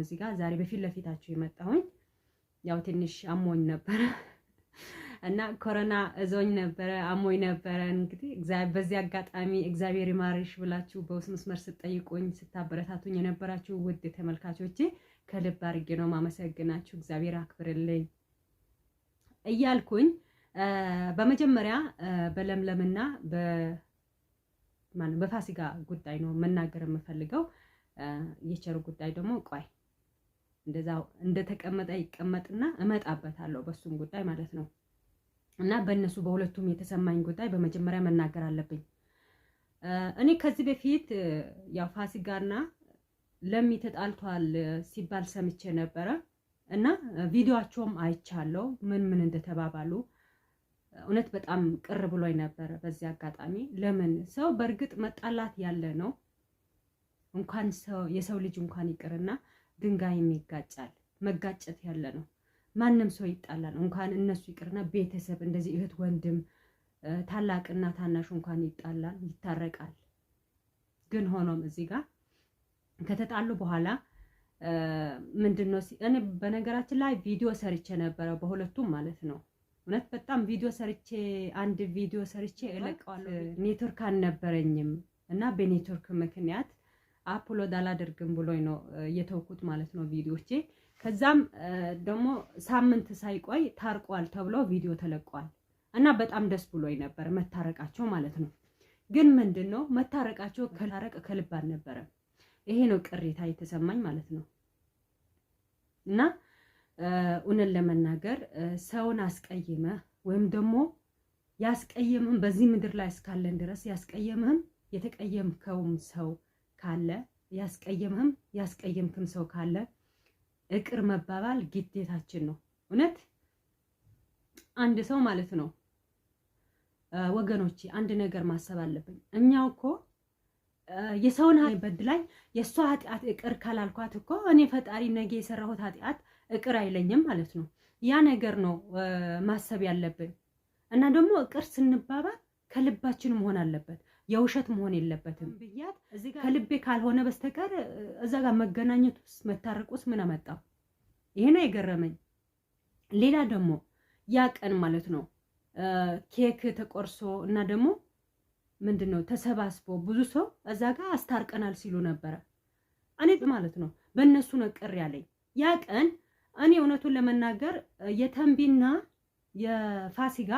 ነው እዚህ ጋር ዛሬ በፊት ለፊታችሁ የመጣሁኝ ያው ትንሽ አሞኝ ነበረ እና ኮሮና እዞኝ ነበረ አሞኝ ነበረ። እንግዲህ በዚህ አጋጣሚ እግዚአብሔር ይማርሽ ብላችሁ በውስጥ መስመር ስጠይቁኝ ስታበረታቱኝ የነበራችሁ ውድ ተመልካቾቼ ከልብ አድርጌ ነው ማመሰግናችሁ። እግዚአብሔር አክብርልኝ እያልኩኝ በመጀመሪያ በለምለምና በፋሲካ ጉዳይ ነው መናገር የምፈልገው። የቸሩ ጉዳይ ደግሞ ቆይ እንደዛው እንደተቀመጠ ይቀመጥና እመጣበታለሁ በሱም ጉዳይ ማለት ነው። እና በእነሱ በሁለቱም የተሰማኝ ጉዳይ በመጀመሪያ መናገር አለብኝ። እኔ ከዚህ በፊት ያው ፋሲካና ለሚ ተጣልቷል ሲባል ሰምቼ ነበረ እና ቪዲዮቸውም አይቻለው ምን ምን እንደተባባሉ እውነት በጣም ቅር ብሎኝ ነበረ። በዚህ አጋጣሚ ለምን ሰው በእርግጥ መጣላት ያለ ነው እንኳን ሰው የሰው ልጅ እንኳን ይቅርና ድንጋይም ይጋጫል። መጋጨት ያለ ነው። ማንም ሰው ይጣላል። እንኳን እነሱ ይቅርና ቤተሰብ እንደዚህ እህት፣ ወንድም፣ ታላቅና ታናሹ እንኳን ይጣላል፣ ይታረቃል። ግን ሆኖም እዚህ ጋር ከተጣሉ በኋላ ምንድን ነው እኔ በነገራችን ላይ ቪዲዮ ሰርቼ ነበረ በሁለቱም ማለት ነው። እውነት በጣም ቪዲዮ ሰርቼ አንድ ቪዲዮ ሰርቼ እለቀዋለሁ። ኔትወርክ አልነበረኝም እና በኔትወርክ ምክንያት አፕሎድ አላደርግም ብሎኝ ነው የተውኩት ማለት ነው ቪዲዮቼ። ከዛም ደግሞ ሳምንት ሳይቆይ ታርቋል ተብሎ ቪዲዮ ተለቋል እና በጣም ደስ ብሎኝ ነበር መታረቃቸው ማለት ነው። ግን ምንድን ነው መታረቃቸው ከላረቅ ከልብ አልነበረም። ይሄ ነው ቅሬታ የተሰማኝ ማለት ነው። እና እውነት ለመናገር ሰውን አስቀይመ ወይም ደግሞ ያስቀየምህም በዚህ ምድር ላይ እስካለን ድረስ ያስቀየምህም የተቀየምከውም ሰው ካለ ያስቀየምህም ያስቀየምክም ሰው ካለ እቅር መባባል ግዴታችን ነው። እውነት አንድ ሰው ማለት ነው ወገኖቼ፣ አንድ ነገር ማሰብ አለብን። እኛ እኮ የሰውን በድላኝ የእሷ ኃጢአት እቅር ካላልኳት እኮ እኔ ፈጣሪ ነገ የሰራሁት ኃጢአት እቅር አይለኝም ማለት ነው። ያ ነገር ነው ማሰብ ያለብን እና ደግሞ እቅር ስንባባል ከልባችን መሆን አለበት። የውሸት መሆን የለበትም ብያት ከልቤ ካልሆነ በስተቀር እዛ ጋር መገናኘት ውስጥ መታረቅ ውስጥ ምን አመጣው? ይሄ ነው የገረመኝ። ሌላ ደግሞ ያ ቀን ማለት ነው ኬክ ተቆርሶ እና ደግሞ ምንድን ነው ተሰባስቦ ብዙ ሰው እዛ ጋር አስታርቀናል ሲሉ ነበረ። እኔ ማለት ነው በእነሱ ነው ቅር ያለኝ ያ ቀን። እኔ እውነቱን ለመናገር የተንቢና የፋሲጋ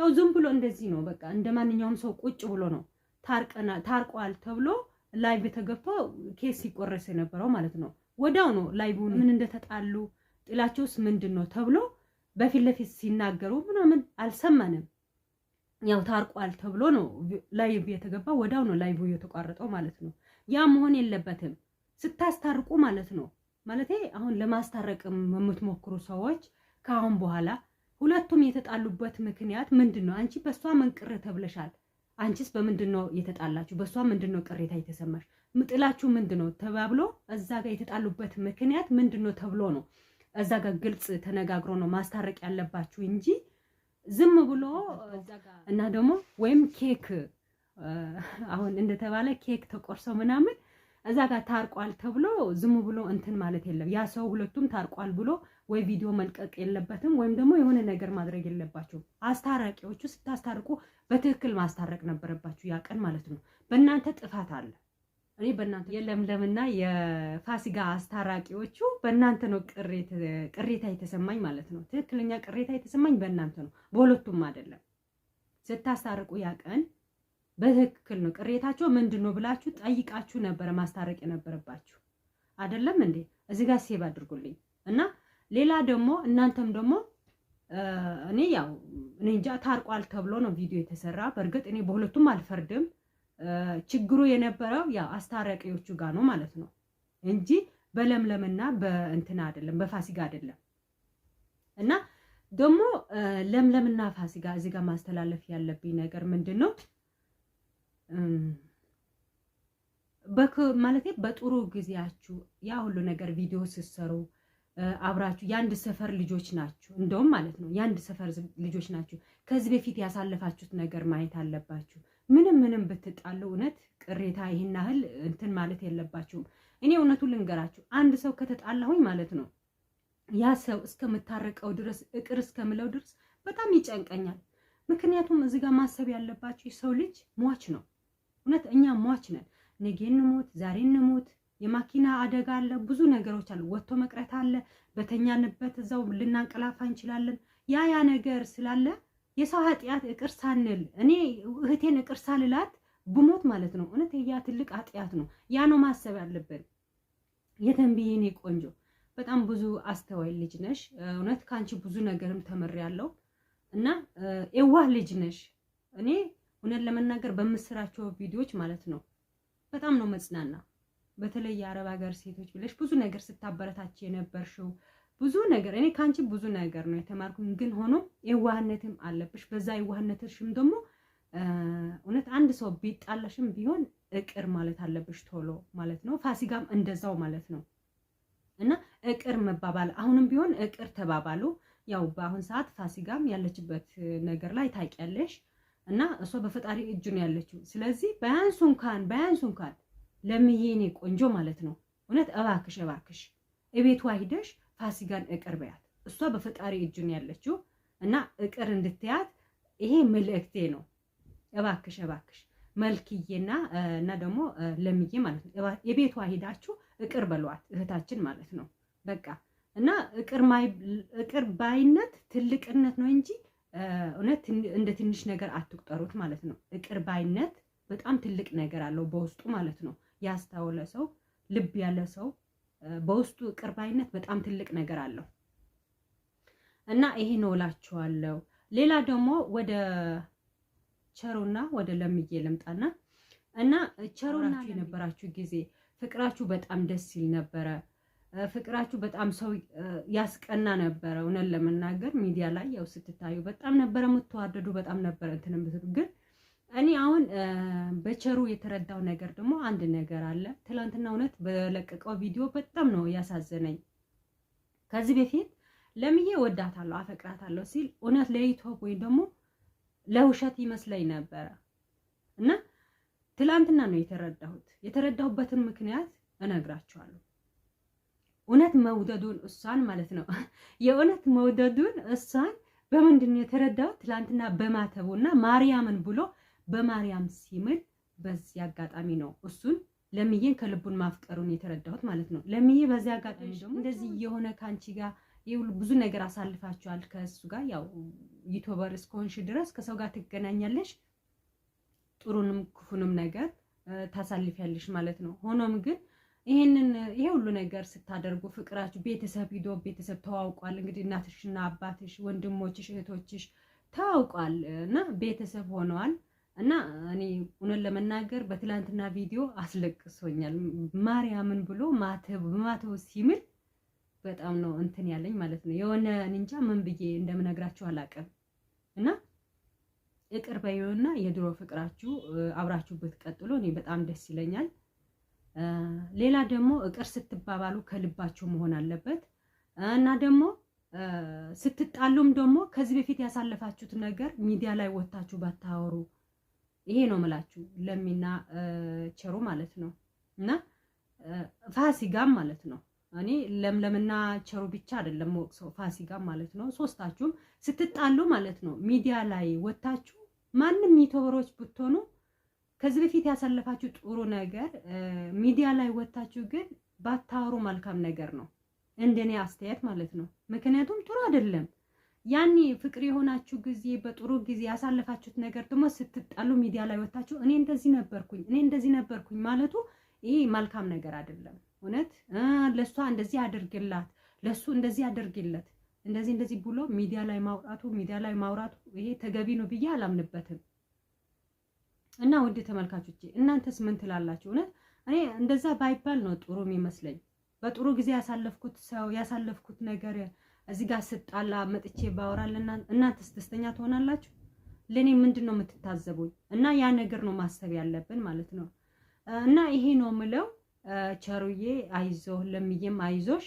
ያው ዝም ብሎ እንደዚህ ነው በቃ እንደ ማንኛውም ሰው ቁጭ ብሎ ነው ታርቋል ተብሎ ላይቭ ተገብቶ ኬስ ሲቆረስ የነበረው ማለት ነው። ወዲያው ነው ላይቭ ምን እንደተጣሉ ጥላቸውስ ምንድን ነው ተብሎ በፊት ለፊት ሲናገሩ ምናምን አልሰማንም። ያው ታርቋል ተብሎ ነው ላይቭ የተገባ። ወዲያው ነው ላይቭ የተቋረጠው ማለት ነው። ያ መሆን የለበትም ስታስታርቁ ማለት ነው። ማለት አሁን ለማስታረቅ የምትሞክሩ ሰዎች ከአሁን በኋላ ሁለቱም የተጣሉበት ምክንያት ምንድን ነው? አንቺ በእሷ መንቅር ተብለሻል አንቺስ በምንድን ነው የተጣላችሁ? በእሷ ምንድን ነው ቅሬታ የተሰማሽ? ምጥላችሁ ምንድን ነው ተባብሎ እዛ ጋር የተጣሉበት ምክንያት ምንድን ነው ተብሎ ነው እዛ ጋር ግልጽ ተነጋግሮ ነው ማስታረቅ ያለባችሁ እንጂ ዝም ብሎ እና ደግሞ ወይም ኬክ አሁን እንደተባለ ኬክ ተቆርሰው ምናምን እዛ ጋር ታርቋል ተብሎ ዝም ብሎ እንትን ማለት የለም። ያ ሰው ሁለቱም ታርቋል ብሎ ወይ ቪዲዮ መልቀቅ የለበትም ወይም ደግሞ የሆነ ነገር ማድረግ የለባችሁም። አስታራቂዎቹ ስታስታርቁ በትክክል ማስታረቅ ነበረባችሁ ያ ቀን ማለት ነው። በእናንተ ጥፋት አለ። እኔ በእናንተ የለምለምና የፋሲጋ አስታራቂዎቹ በእናንተ ነው ቅሬታ የተሰማኝ ማለት ነው። ትክክለኛ ቅሬታ የተሰማኝ በእናንተ ነው፣ በሁለቱም አይደለም። ስታስታርቁ ያ ቀን በትክክል ነው። ቅሬታቸው ምንድን ነው ብላችሁ ጠይቃችሁ ነበረ ማስታረቅ የነበረባችሁ አይደለም እንዴ? እዚህ ጋር ሴብ አድርጉልኝ እና ሌላ ደግሞ እናንተም ደግሞ እኔ ያው እኔ እንጃ ታርቋል ተብሎ ነው ቪዲዮ የተሰራ። በእርግጥ እኔ በሁለቱም አልፈርድም። ችግሩ የነበረው ያው አስታራቂዎቹ ጋር ነው ማለት ነው እንጂ በለምለምና በእንትና አይደለም፣ በፋሲጋ አይደለም። እና ደግሞ ለምለምና ፋሲጋ እዚህ ጋር ማስተላለፍ ያለብኝ ነገር ምንድን ነው በክ ማለት በጥሩ ጊዜያችሁ ያ ሁሉ ነገር ቪዲዮ ስትሰሩ አብራችሁ የአንድ ሰፈር ልጆች ናችሁ፣ እንደውም ማለት ነው የአንድ ሰፈር ልጆች ናችሁ። ከዚህ በፊት ያሳለፋችሁት ነገር ማየት አለባችሁ። ምንም ምንም ብትጣሉ እውነት ቅሬታ ይህን ያህል እንትን ማለት የለባችሁም። እኔ እውነቱ ልንገራችሁ፣ አንድ ሰው ከተጣላሁኝ ማለት ነው ያ ሰው እስከምታረቀው ድረስ እቅር እስከምለው ድረስ በጣም ይጨንቀኛል። ምክንያቱም እዚህ ጋር ማሰብ ያለባችሁ ሰው ልጅ ሟች ነው። እውነት እኛ ሟች ነን። ነገ እንሞት፣ ዛሬ እንሞት የማኪና አደጋ አለ፣ ብዙ ነገሮች አሉ። ወጥቶ መቅረት አለ። በተኛንበት እዛው ልናንቀላፋ እንችላለን። ያ ያ ነገር ስላለ የሰው ኃጢአት እቅር ሳንል እኔ እህቴን እቅር ሳልላት ብሞት ማለት ነው እውነት ያ ትልቅ ኃጢአት ነው። ያ ነው ማሰብ ያለብን። የተንብዬኔ ቆንጆ በጣም ብዙ አስተዋይ ልጅ ነሽ። እውነት ከአንቺ ብዙ ነገርም ተምሬያለሁ እና የዋህ ልጅ ነሽ። እኔ እውነት ለመናገር በምስራቸው ቪዲዮዎች ማለት ነው በጣም ነው መጽናና በተለይ የአረብ ሀገር ሴቶች ብለሽ ብዙ ነገር ስታበረታች የነበርሽው ብዙ ነገር እኔ ከአንቺ ብዙ ነገር ነው የተማርኩኝ። ግን ሆኖ የዋህነትም አለብሽ። በዛ የዋህነትሽም ደግሞ እውነት አንድ ሰው ቢጣለሽም ቢሆን እቅር ማለት አለብሽ ቶሎ ማለት ነው። ፋሲጋም እንደዛው ማለት ነው። እና እቅር መባባል አሁንም ቢሆን እቅር ተባባሉ። ያው በአሁን ሰዓት ፋሲጋም ያለችበት ነገር ላይ ታውቂያለሽ። እና እሷ በፈጣሪ እጁን ያለችው ስለዚህ በያንሱ እንኳን በያንሱ እንኳን ለምዬ እኔ ቆንጆ ማለት ነው እውነት እባክሽ እባክሽ እቤቷ ሂደሽ ፋሲካን እቅር በያት። እሷ በፈጣሪ እጅ ነው ያለችው እና እቅር እንድትያት ይሄ መልእክቴ ነው። እባክሽ እባክሽ መልክዬና እና ደግሞ ለምዬ ማለት ነው የቤቷ ሂዳችሁ እቅር በሏት እህታችን ማለት ነው በቃ እና እቅር ባይነት ትልቅነት ነው እንጂ እውነት እንደ ትንሽ ነገር አትቁጠሩት ማለት ነው። እቅር ባይነት በጣም ትልቅ ነገር አለው በውስጡ ማለት ነው። ያስተዋለ ሰው፣ ልብ ያለ ሰው በውስጡ ቅርባይነት በጣም ትልቅ ነገር አለው እና ይሄ ነው እላችኋለሁ። ሌላ ደግሞ ወደ ቸሩና ወደ ለምዬ ልምጣና እና ቸሩና የነበራችሁ ጊዜ ፍቅራችሁ በጣም ደስ ሲል ነበረ። ፍቅራችሁ በጣም ሰው ያስቀና ነበረ። እውነት ለመናገር ሚዲያ ላይ ያው ስትታዩ በጣም ነበረ የምትዋደዱ፣ በጣም ነበረ እንትን የምትሉ ግን እኔ አሁን በቸሩ የተረዳው ነገር ደግሞ አንድ ነገር አለ። ትላንትና እውነት በለቀቀው ቪዲዮ በጣም ነው ያሳዘነኝ። ከዚህ በፊት ለምዬ ወዳታለሁ አፈቅራታለሁ ሲል እውነት ለዩቱብ ወይም ደግሞ ለውሸት ይመስለኝ ነበረ እና ትላንትና ነው የተረዳሁት። የተረዳሁበትን ምክንያት እነግራችኋለሁ። እውነት መውደዱን እሷን ማለት ነው የእውነት መውደዱን እሷን በምንድን ነው የተረዳሁት? ትላንትና በማተቡና ማርያምን ብሎ በማርያም ሲምል በዚህ አጋጣሚ ነው እሱን ለምዬን ከልቡን ማፍቀሩን የተረዳሁት ማለት ነው። ለምዬ በዚህ አጋጣሚ ደግሞ እንደዚህ የሆነ ከአንቺ ጋር ብዙ ነገር አሳልፋችኋል። ከእሱ ጋር ያው ዩቱበር እስከሆንሽ ድረስ ከሰው ጋር ትገናኛለሽ፣ ጥሩንም ክፉንም ነገር ታሳልፊያለሽ ማለት ነው። ሆኖም ግን ይሄንን ይሄ ሁሉ ነገር ስታደርጉ ፍቅራችሁ ቤተሰብ ሂዶ ቤተሰብ ተዋውቋል። እንግዲህ እናትሽና አባትሽ፣ ወንድሞችሽ፣ እህቶችሽ ተዋውቋል እና ቤተሰብ ሆነዋል። እና እኔ እውነት ለመናገር በትላንትና ቪዲዮ አስለቅሶኛል። ማርያምን ብሎ ማተው ሲምል በጣም ነው እንትን ያለኝ ማለት ነው። የሆነ እንጃ ምን ብዬ እንደምነግራችሁ አላቅም እና እቅር በይውና የድሮ ፍቅራችሁ አብራችሁበት ቀጥሎ እኔ በጣም ደስ ይለኛል። ሌላ ደግሞ እቅር ስትባባሉ ከልባችሁ መሆን አለበት እና ደግሞ ስትጣሉም ደግሞ ከዚህ በፊት ያሳለፋችሁት ነገር ሚዲያ ላይ ወጥታችሁ ባታወሩ ይሄ ነው ምላችሁ ለሚና ቸሩ ማለት ነው እና ፋሲጋም ማለት ነው። እኔ ለምለምና ቸሩ ብቻ አይደለም ወቅሰው ፋሲጋም ማለት ነው። ሶስታችሁም ስትጣሉ ማለት ነው ሚዲያ ላይ ወታችሁ ማንም ዩቲዩበሮች ብትሆኑ ከዚህ በፊት ያሳለፋችሁ ጥሩ ነገር ሚዲያ ላይ ወታችሁ ግን ባታወሩ መልካም ነገር ነው እንደኔ አስተያየት ማለት ነው። ምክንያቱም ጥሩ አይደለም። ያኔ ፍቅር የሆናችሁ ጊዜ በጥሩ ጊዜ ያሳለፋችሁት ነገር ደግሞ ስትጣሉ ሚዲያ ላይ ወታችሁ እኔ እንደዚህ ነበርኩኝ እኔ እንደዚህ ነበርኩኝ ማለቱ ይሄ መልካም ነገር አይደለም። እውነት ለእሷ እንደዚህ አድርግላት፣ ለእሱ እንደዚህ አድርግለት፣ እንደዚህ እንደዚህ ብሎ ሚዲያ ላይ ማውጣቱ ሚዲያ ላይ ማውራቱ ይሄ ተገቢ ነው ብዬ አላምንበትም። እና ውድ ተመልካቾች እናንተስ ምን ትላላችሁ? እውነት እኔ እንደዛ ባይባል ነው ጥሩ የሚመስለኝ። በጥሩ ጊዜ ያሳለፍኩት ሰው ያሳለፍኩት ነገር እዚህ ጋር ስጣላ መጥቼ ባወራልና እናንተስ ደስተኛ ትሆናላችሁ? ለእኔ ምንድን ነው የምትታዘቡኝ? እና ያ ነገር ነው ማሰብ ያለብን ማለት ነው። እና ይሄ ነው ምለው። ቸሩዬ አይዞህ፣ ለምዬም አይዞሽ።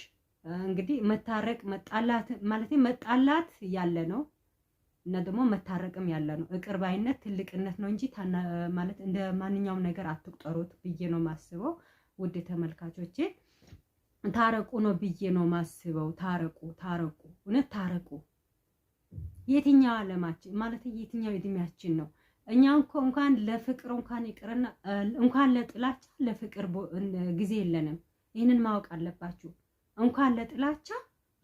እንግዲህ መታረቅ መጣላት ማለት መጣላት ያለ ነው እና ደግሞ መታረቅም ያለ ነው። ይቅር ትልቅነት ነው እንጂ ማለት እንደ ማንኛውም ነገር አትቁጠሩት ብዬ ነው ማስበው ውድ ተመልካቾቼ። ታረቁ ነው ብዬ ነው ማስበው። ታረቁ ታረቁ፣ እውነት ታረቁ። የትኛው ዓለማችን ማለት የትኛው እድሜያችን ነው? እኛ እንኳን ለፍቅር እንኳን ይቅርና እንኳን ለጥላቻ ለፍቅር ጊዜ የለንም። ይህንን ማወቅ አለባችሁ። እንኳን ለጥላቻ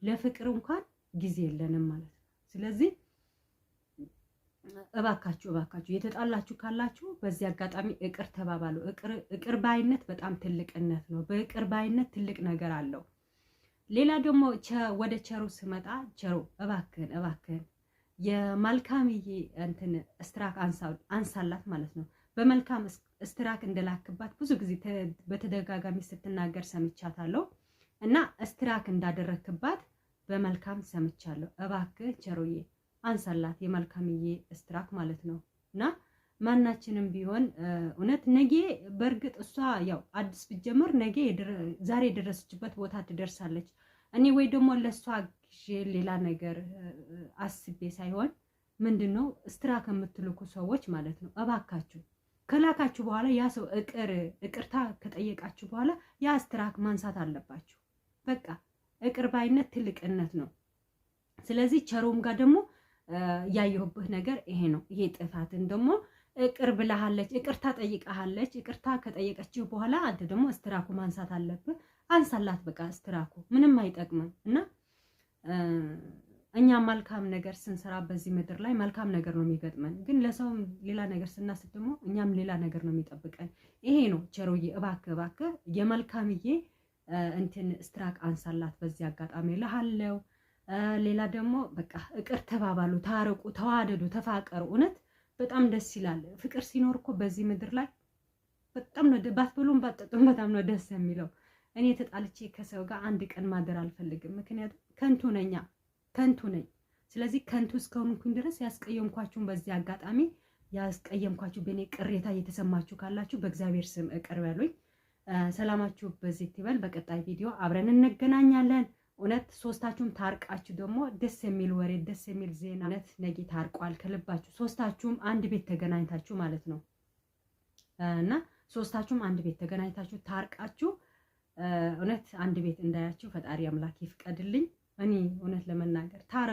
ለፍቅር እንኳን ጊዜ የለንም ማለት ነው። ስለዚህ እባካችሁ እባካችሁ የተጣላችሁ ካላችሁ በዚህ አጋጣሚ እቅር ተባባሉ። እቅር ባይነት በጣም ትልቅነት ነው። በእቅር ባይነት ትልቅ ነገር አለው። ሌላ ደግሞ ወደ ቸሩ ስመጣ ቸሩ እባክህን እባክህን የመልካምዬ እንትን ስትራክ አንሳላት ማለት ነው። በመልካም ስትራክ እንደላክባት ብዙ ጊዜ በተደጋጋሚ ስትናገር ሰምቻታለሁ እና ስትራክ እንዳደረክባት በመልካም ሰምቻለሁ። እባክህ ቸሩዬ አንሳላት የመልካምዬ እስትራክ ማለት ነው እና ማናችንም ቢሆን እውነት ነጌ በእርግጥ እሷ ያው አዲስ ብጀምር ነጌ ዛሬ የደረሰችበት ቦታ ትደርሳለች። እኔ ወይ ደግሞ ለእሷ ሌላ ነገር አስቤ ሳይሆን ምንድን ነው እስትራክ የምትልኩ ሰዎች ማለት ነው እባካችሁ ከላካችሁ በኋላ ያ ሰው እቅር እቅርታ ከጠየቃችሁ በኋላ ያ እስትራክ ማንሳት አለባችሁ። በቃ እቅር ባይነት ትልቅነት ነው። ስለዚህ ቸሮም ጋር ደግሞ ያየሁብህ ነገር ይሄ ነው። ይሄ ጥፋትን ደግሞ ይቅር ብላሃለች፣ ይቅርታ ጠይቀሃለች። ይቅርታ ከጠየቀችህ በኋላ አንተ ደግሞ እስትራኩ ማንሳት አለብህ። አንሳላት፣ በቃ እስትራኩ ምንም አይጠቅምም። እና እኛ መልካም ነገር ስንሰራ በዚህ ምድር ላይ መልካም ነገር ነው የሚገጥመን፣ ግን ለሰውም ሌላ ነገር ስናስብ ደግሞ እኛም ሌላ ነገር ነው የሚጠብቀን። ይሄ ነው ቸሮዬ፣ እባክህ እባክህ የመልካምዬ እንትን ስትራክ አንሳላት። በዚህ አጋጣሚ ልሃለው ሌላ ደግሞ በቃ እቅር ተባባሉ፣ ታረቁ፣ ተዋደዱ፣ ተፋቀሩ። እውነት በጣም ደስ ይላል። ፍቅር ሲኖር እኮ በዚህ ምድር ላይ በጣም ነው ባትበሉም ባትጠጡም በጣም ነው ደስ የሚለው። እኔ ተጣልቼ ከሰው ጋር አንድ ቀን ማደር አልፈልግም። ምክንያቱም ከንቱ ነኛ ከንቱ ነኝ። ስለዚህ ከንቱ እስከሆንኩኝ ድረስ ያስቀየምኳችሁን በዚህ አጋጣሚ ያስቀየምኳችሁ በእኔ ቅሬታ እየተሰማችሁ ካላችሁ በእግዚአብሔር ስም እቅር በሉኝ። ሰላማችሁ በዚህ ይበል። በቀጣይ ቪዲዮ አብረን እንገናኛለን። እውነት ሶስታችሁም ታርቃችሁ ደግሞ ደስ የሚል ወሬ ደስ የሚል ዜና እውነት ነገ ታርቋል ከልባችሁ ሶስታችሁም አንድ ቤት ተገናኝታችሁ ማለት ነው እና ሶስታችሁም አንድ ቤት ተገናኝታችሁ ታርቃችሁ እውነት አንድ ቤት እንዳያችሁ ፈጣሪ አምላክ ይፍቀድልኝ። እኔ እውነት ለመናገር ታረ